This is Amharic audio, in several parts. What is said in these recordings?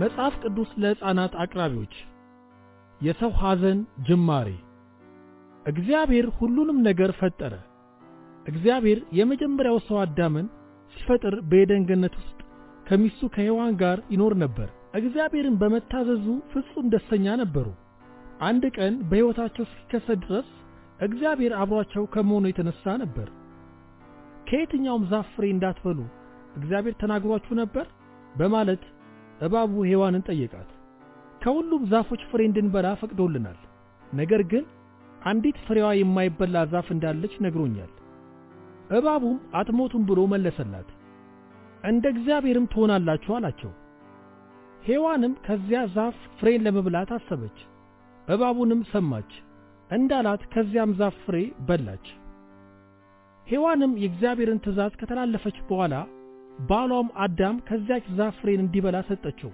መጽሐፍ ቅዱስ ለሕፃናት አቅራቢዎች የሰው ሐዘን ጅማሬ እግዚአብሔር ሁሉንም ነገር ፈጠረ። እግዚአብሔር የመጀመሪያው ሰው አዳምን ሲፈጥር በኤደን ገነት ውስጥ ከሚስቱ ከሔዋን ጋር ይኖር ነበር። እግዚአብሔርን በመታዘዙ ፍጹም ደስተኛ ነበሩ። አንድ ቀን በሕይወታቸው እስኪከሰት ድረስ እግዚአብሔር አብሯቸው ከመሆኑ የተነሳ ነበር። ከየትኛውም ዛፍ ፍሬ እንዳትበሉ እግዚአብሔር ተናግሯችሁ ነበር በማለት እባቡ ሔዋንን ጠየቃት። ከሁሉም ዛፎች ፍሬ እንድንበላ ፈቅዶልናል፣ ነገር ግን አንዲት ፍሬዋ የማይበላ ዛፍ እንዳለች ነግሮኛል። እባቡም አትሞቱም ብሎ መለሰላት። እንደ እግዚአብሔርም ትሆናላችሁ አላቸው። ሔዋንም ከዚያ ዛፍ ፍሬን ለመብላት አሰበች። እባቡንም ሰማች እንዳላት ከዚያም ዛፍ ፍሬ በላች። ሔዋንም የእግዚአብሔርን ትእዛዝ ከተላለፈች በኋላ ባሏም አዳም ከዚያች ዛፍ ፍሬን እንዲበላ ሰጠችው፣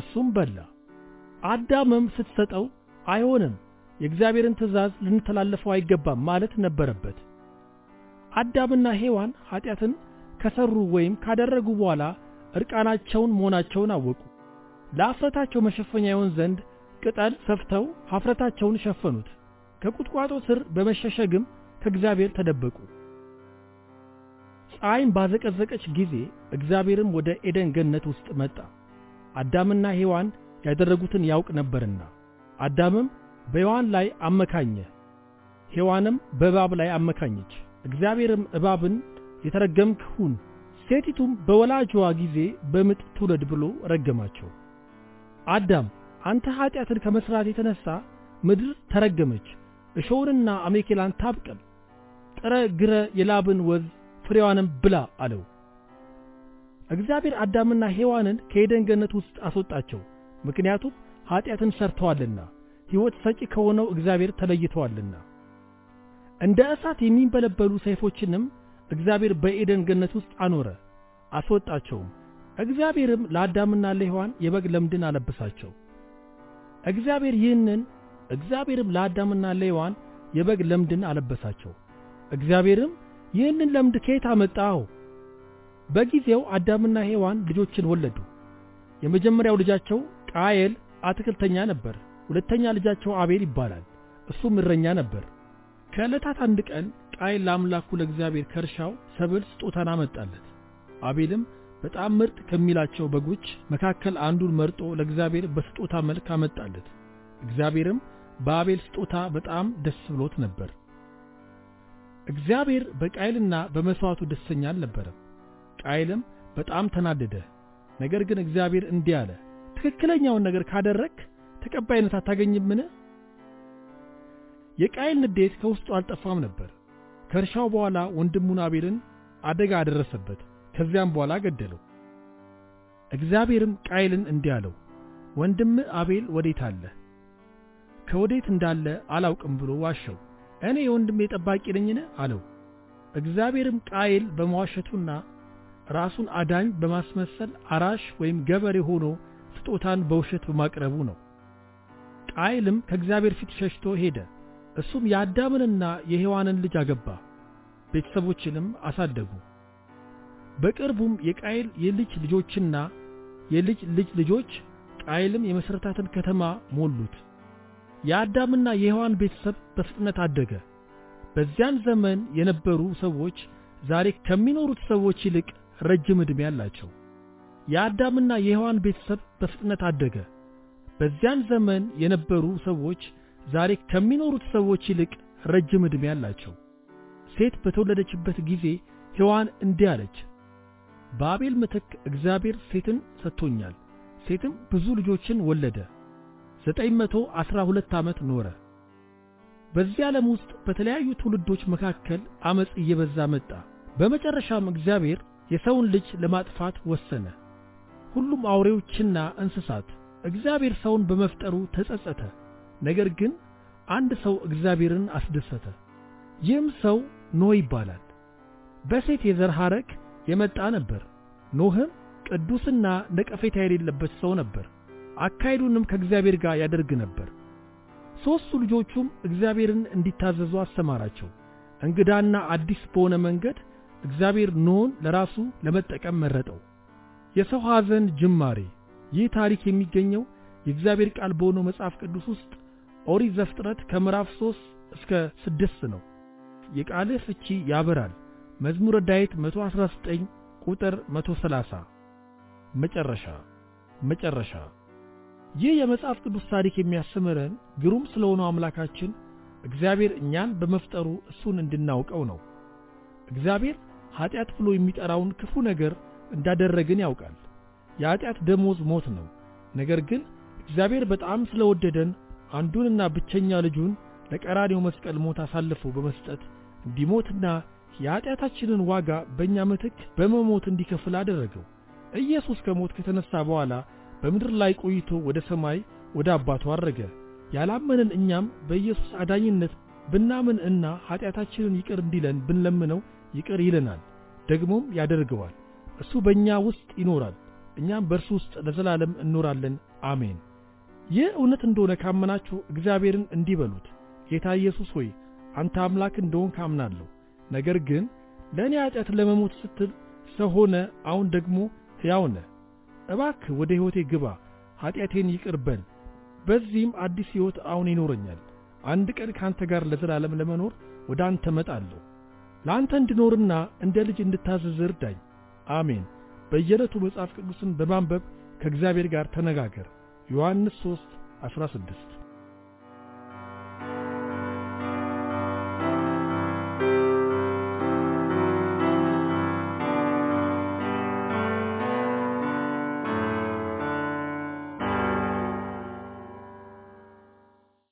እሱም በላ። አዳምም ስትሰጠው አይሆንም፣ የእግዚአብሔርን ትእዛዝ ልንተላለፈው አይገባም ማለት ነበረበት። አዳምና ሔዋን ኀጢአትን ከሰሩ ወይም ካደረጉ በኋላ ዕርቃናቸውን መሆናቸውን አወቁ። ለአፍረታቸው መሸፈኛ ይሆን ዘንድ ቅጠል ሰፍተው ሀፍረታቸውን ሸፈኑት። ከቁጥቋጦ ስር በመሸሸግም ከእግዚአብሔር ተደበቁ። ፀሐይም ባዘቀዘቀች ጊዜ እግዚአብሔርም ወደ ኤደን ገነት ውስጥ መጣ። አዳምና ሔዋን ያደረጉትን ያውቅ ነበርና አዳምም በሔዋን ላይ አመካኘ፣ ሔዋንም በእባብ ላይ አመካኘች። እግዚአብሔርም እባብን የተረገምክ ሁን፣ ሴቲቱም በወላጅዋ ጊዜ በምጥ ትውለድ ብሎ ረገማቸው። አዳም አንተ ኀጢአትን ከመሥራት የተነሣ ምድር ተረገመች፣ እሾውንና አሜኬላን ታብቀል ጥረ ግረ የላብን ወዝ ፍሬዋንም ብላ አለው። እግዚአብሔር አዳምና ሔዋንን ከኤደን ገነት ውስጥ አስወጣቸው፣ ምክንያቱም ኀጢአትን ሰርተዋልና ሕይወት ሰጪ ከሆነው እግዚአብሔር ተለይተዋልና። እንደ እሳት የሚንበለበሉ ሰይፎችንም እግዚአብሔር በኤደን ገነት ውስጥ አኖረ፣ አስወጣቸውም። እግዚአብሔርም ለአዳምና ለሔዋን የበግ ለምድን አለበሳቸው። እግዚአብሔር ይህንን እግዚአብሔርም ለአዳምና ለሔዋን የበግ ለምድን አለበሳቸው። እግዚአብሔርም ይህንን ለምድ ከየት አመጣው? በጊዜው አዳምና ሔዋን ልጆችን ወለዱ። የመጀመሪያው ልጃቸው ቃየል አትክልተኛ ነበር። ሁለተኛ ልጃቸው አቤል ይባላል። እሱም እረኛ ነበር። ከዕለታት አንድ ቀን ቃየል ለአምላኩ ለእግዚአብሔር ከእርሻው ሰብል ስጦታን አመጣለት። አቤልም በጣም ምርጥ ከሚላቸው በጎች መካከል አንዱን መርጦ ለእግዚአብሔር በስጦታ መልክ አመጣለት። እግዚአብሔርም በአቤል ስጦታ በጣም ደስ ብሎት ነበር። እግዚአብሔር በቃይልና በመሥዋዕቱ ደስተኛ አልነበረም። ቃይልም በጣም ተናደደ። ነገር ግን እግዚአብሔር እንዲህ አለ፣ ትክክለኛውን ነገር ካደረግክ ተቀባይነት አታገኝምን? የቃይል ንዴት ከውስጡ አልጠፋም ነበር። ከእርሻው በኋላ ወንድሙን አቤልን አደጋ አደረሰበት። ከዚያም በኋላ ገደለው። እግዚአብሔርም ቃይልን እንዲህ አለው፣ ወንድም አቤል ወዴት አለ? ከወዴት እንዳለ አላውቅም ብሎ ዋሸው። እኔ የወንድሜ ጠባቂ ነኝን? አለው። እግዚአብሔርም ቃየል በመዋሸቱና ራሱን አዳኝ በማስመሰል አራሽ ወይም ገበሬ ሆኖ ስጦታን በውሸት በማቅረቡ ነው። ቃየልም ከእግዚአብሔር ፊት ሸሽቶ ሄደ። እሱም የአዳምንና የሔዋንን ልጅ አገባ፣ ቤተሰቦችንም አሳደጉ። በቅርቡም የቃየል የልጅ ልጆችና የልጅ ልጅ ልጆች ቃየልም የመሠረታትን ከተማ ሞሉት። የአዳምና የሔዋን ቤተሰብ በፍጥነት አደገ። በዚያን ዘመን የነበሩ ሰዎች ዛሬ ከሚኖሩት ሰዎች ይልቅ ረጅም ዕድሜ አላቸው። የአዳምና የሔዋን ቤተሰብ በፍጥነት አደገ። በዚያን ዘመን የነበሩ ሰዎች ዛሬ ከሚኖሩት ሰዎች ይልቅ ረጅም ዕድሜ አላቸው። ሴት በተወለደችበት ጊዜ ሔዋን እንዲህ አለች፣ በአቤል ምትክ እግዚአብሔር ሴትን ሰጥቶኛል። ሴትም ብዙ ልጆችን ወለደ። 912 ዓመት ኖረ። በዚህ ዓለም ውስጥ በተለያዩ ትውልዶች መካከል አመጽ እየበዛ መጣ። በመጨረሻም እግዚአብሔር የሰውን ልጅ ለማጥፋት ወሰነ። ሁሉም አውሬዎችና እንስሳት እግዚአብሔር ሰውን በመፍጠሩ ተጸጸተ። ነገር ግን አንድ ሰው እግዚአብሔርን አስደሰተ። ይህም ሰው ኖህ ይባላል። በሴት የዘር ሐረግ የመጣ ነበር። ኖህም ቅዱስና ነቀፌታ የሌለበት ሰው ነበር። አካሄዱንም ከእግዚአብሔር ጋር ያደርግ ነበር። ሦስቱ ልጆቹም እግዚአብሔርን እንዲታዘዙ አስተማራቸው። እንግዳና አዲስ በሆነ መንገድ እግዚአብሔር ኖን ለራሱ ለመጠቀም መረጠው። የሰው ሐዘን ጅማሬ። ይህ ታሪክ የሚገኘው የእግዚአብሔር ቃል በሆነው መጽሐፍ ቅዱስ ውስጥ ኦሪት ዘፍጥረት ከምዕራፍ ሦስት እስከ ስድስት ነው። የቃልህ ፍቺ ያበራል። መዝሙረ ዳዊት 119 ቁጥር 130 መጨረሻ መጨረሻ ይህ የመጽሐፍ ቅዱስ ታሪክ የሚያስተምረን ግሩም ስለሆነው አምላካችን እግዚአብሔር እኛን በመፍጠሩ እሱን እንድናውቀው ነው። እግዚአብሔር ኃጢአት ብሎ የሚጠራውን ክፉ ነገር እንዳደረግን ያውቃል። የኃጢአት ደሞዝ ሞት ነው። ነገር ግን እግዚአብሔር በጣም ስለወደደን አንዱንና ብቸኛ ልጁን ለቀራኔው መስቀል ሞት አሳልፎ በመስጠት እንዲሞትና የኃጢአታችንን ዋጋ በእኛ ምትክ በመሞት እንዲከፍል አደረገው። ኢየሱስ ከሞት ከተነሳ በኋላ በምድር ላይ ቆይቶ ወደ ሰማይ ወደ አባቱ አረገ። ያላመንን እኛም በኢየሱስ አዳኝነት ብናምን እና ኃጢአታችንን ይቅር እንዲለን ብንለምነው ይቅር ይለናል፣ ደግሞም ያደርገዋል። እሱ በእኛ ውስጥ ይኖራል፣ እኛም በእርሱ ውስጥ ለዘላለም እንኖራለን። አሜን። ይህ እውነት እንደሆነ ካመናችሁ እግዚአብሔርን እንዲህ በሉት፣ ጌታ ኢየሱስ ሆይ አንተ አምላክ እንደሆን ካምናለሁ። ነገር ግን ለእኔ ኃጢአት ለመሞት ስትል ሰው ሆነ፣ አሁን ደግሞ ሕያው ነህ። እባክ ወደ ሕይወቴ ግባ፣ ኀጢአቴን ይቅር በል፣ በዚህም አዲስ ሕይወት አሁን ይኖረኛል። አንድ ቀን ከአንተ ጋር ለዘላለም ለመኖር ወደ አንተ መጣለሁ። ለአንተ እንድኖርና እንደ ልጅ እንድታዘዝ እርዳኝ። አሜን። በየዕለቱ መጽሐፍ ቅዱስን በማንበብ ከእግዚአብሔር ጋር ተነጋገር። ዮሐንስ 3 16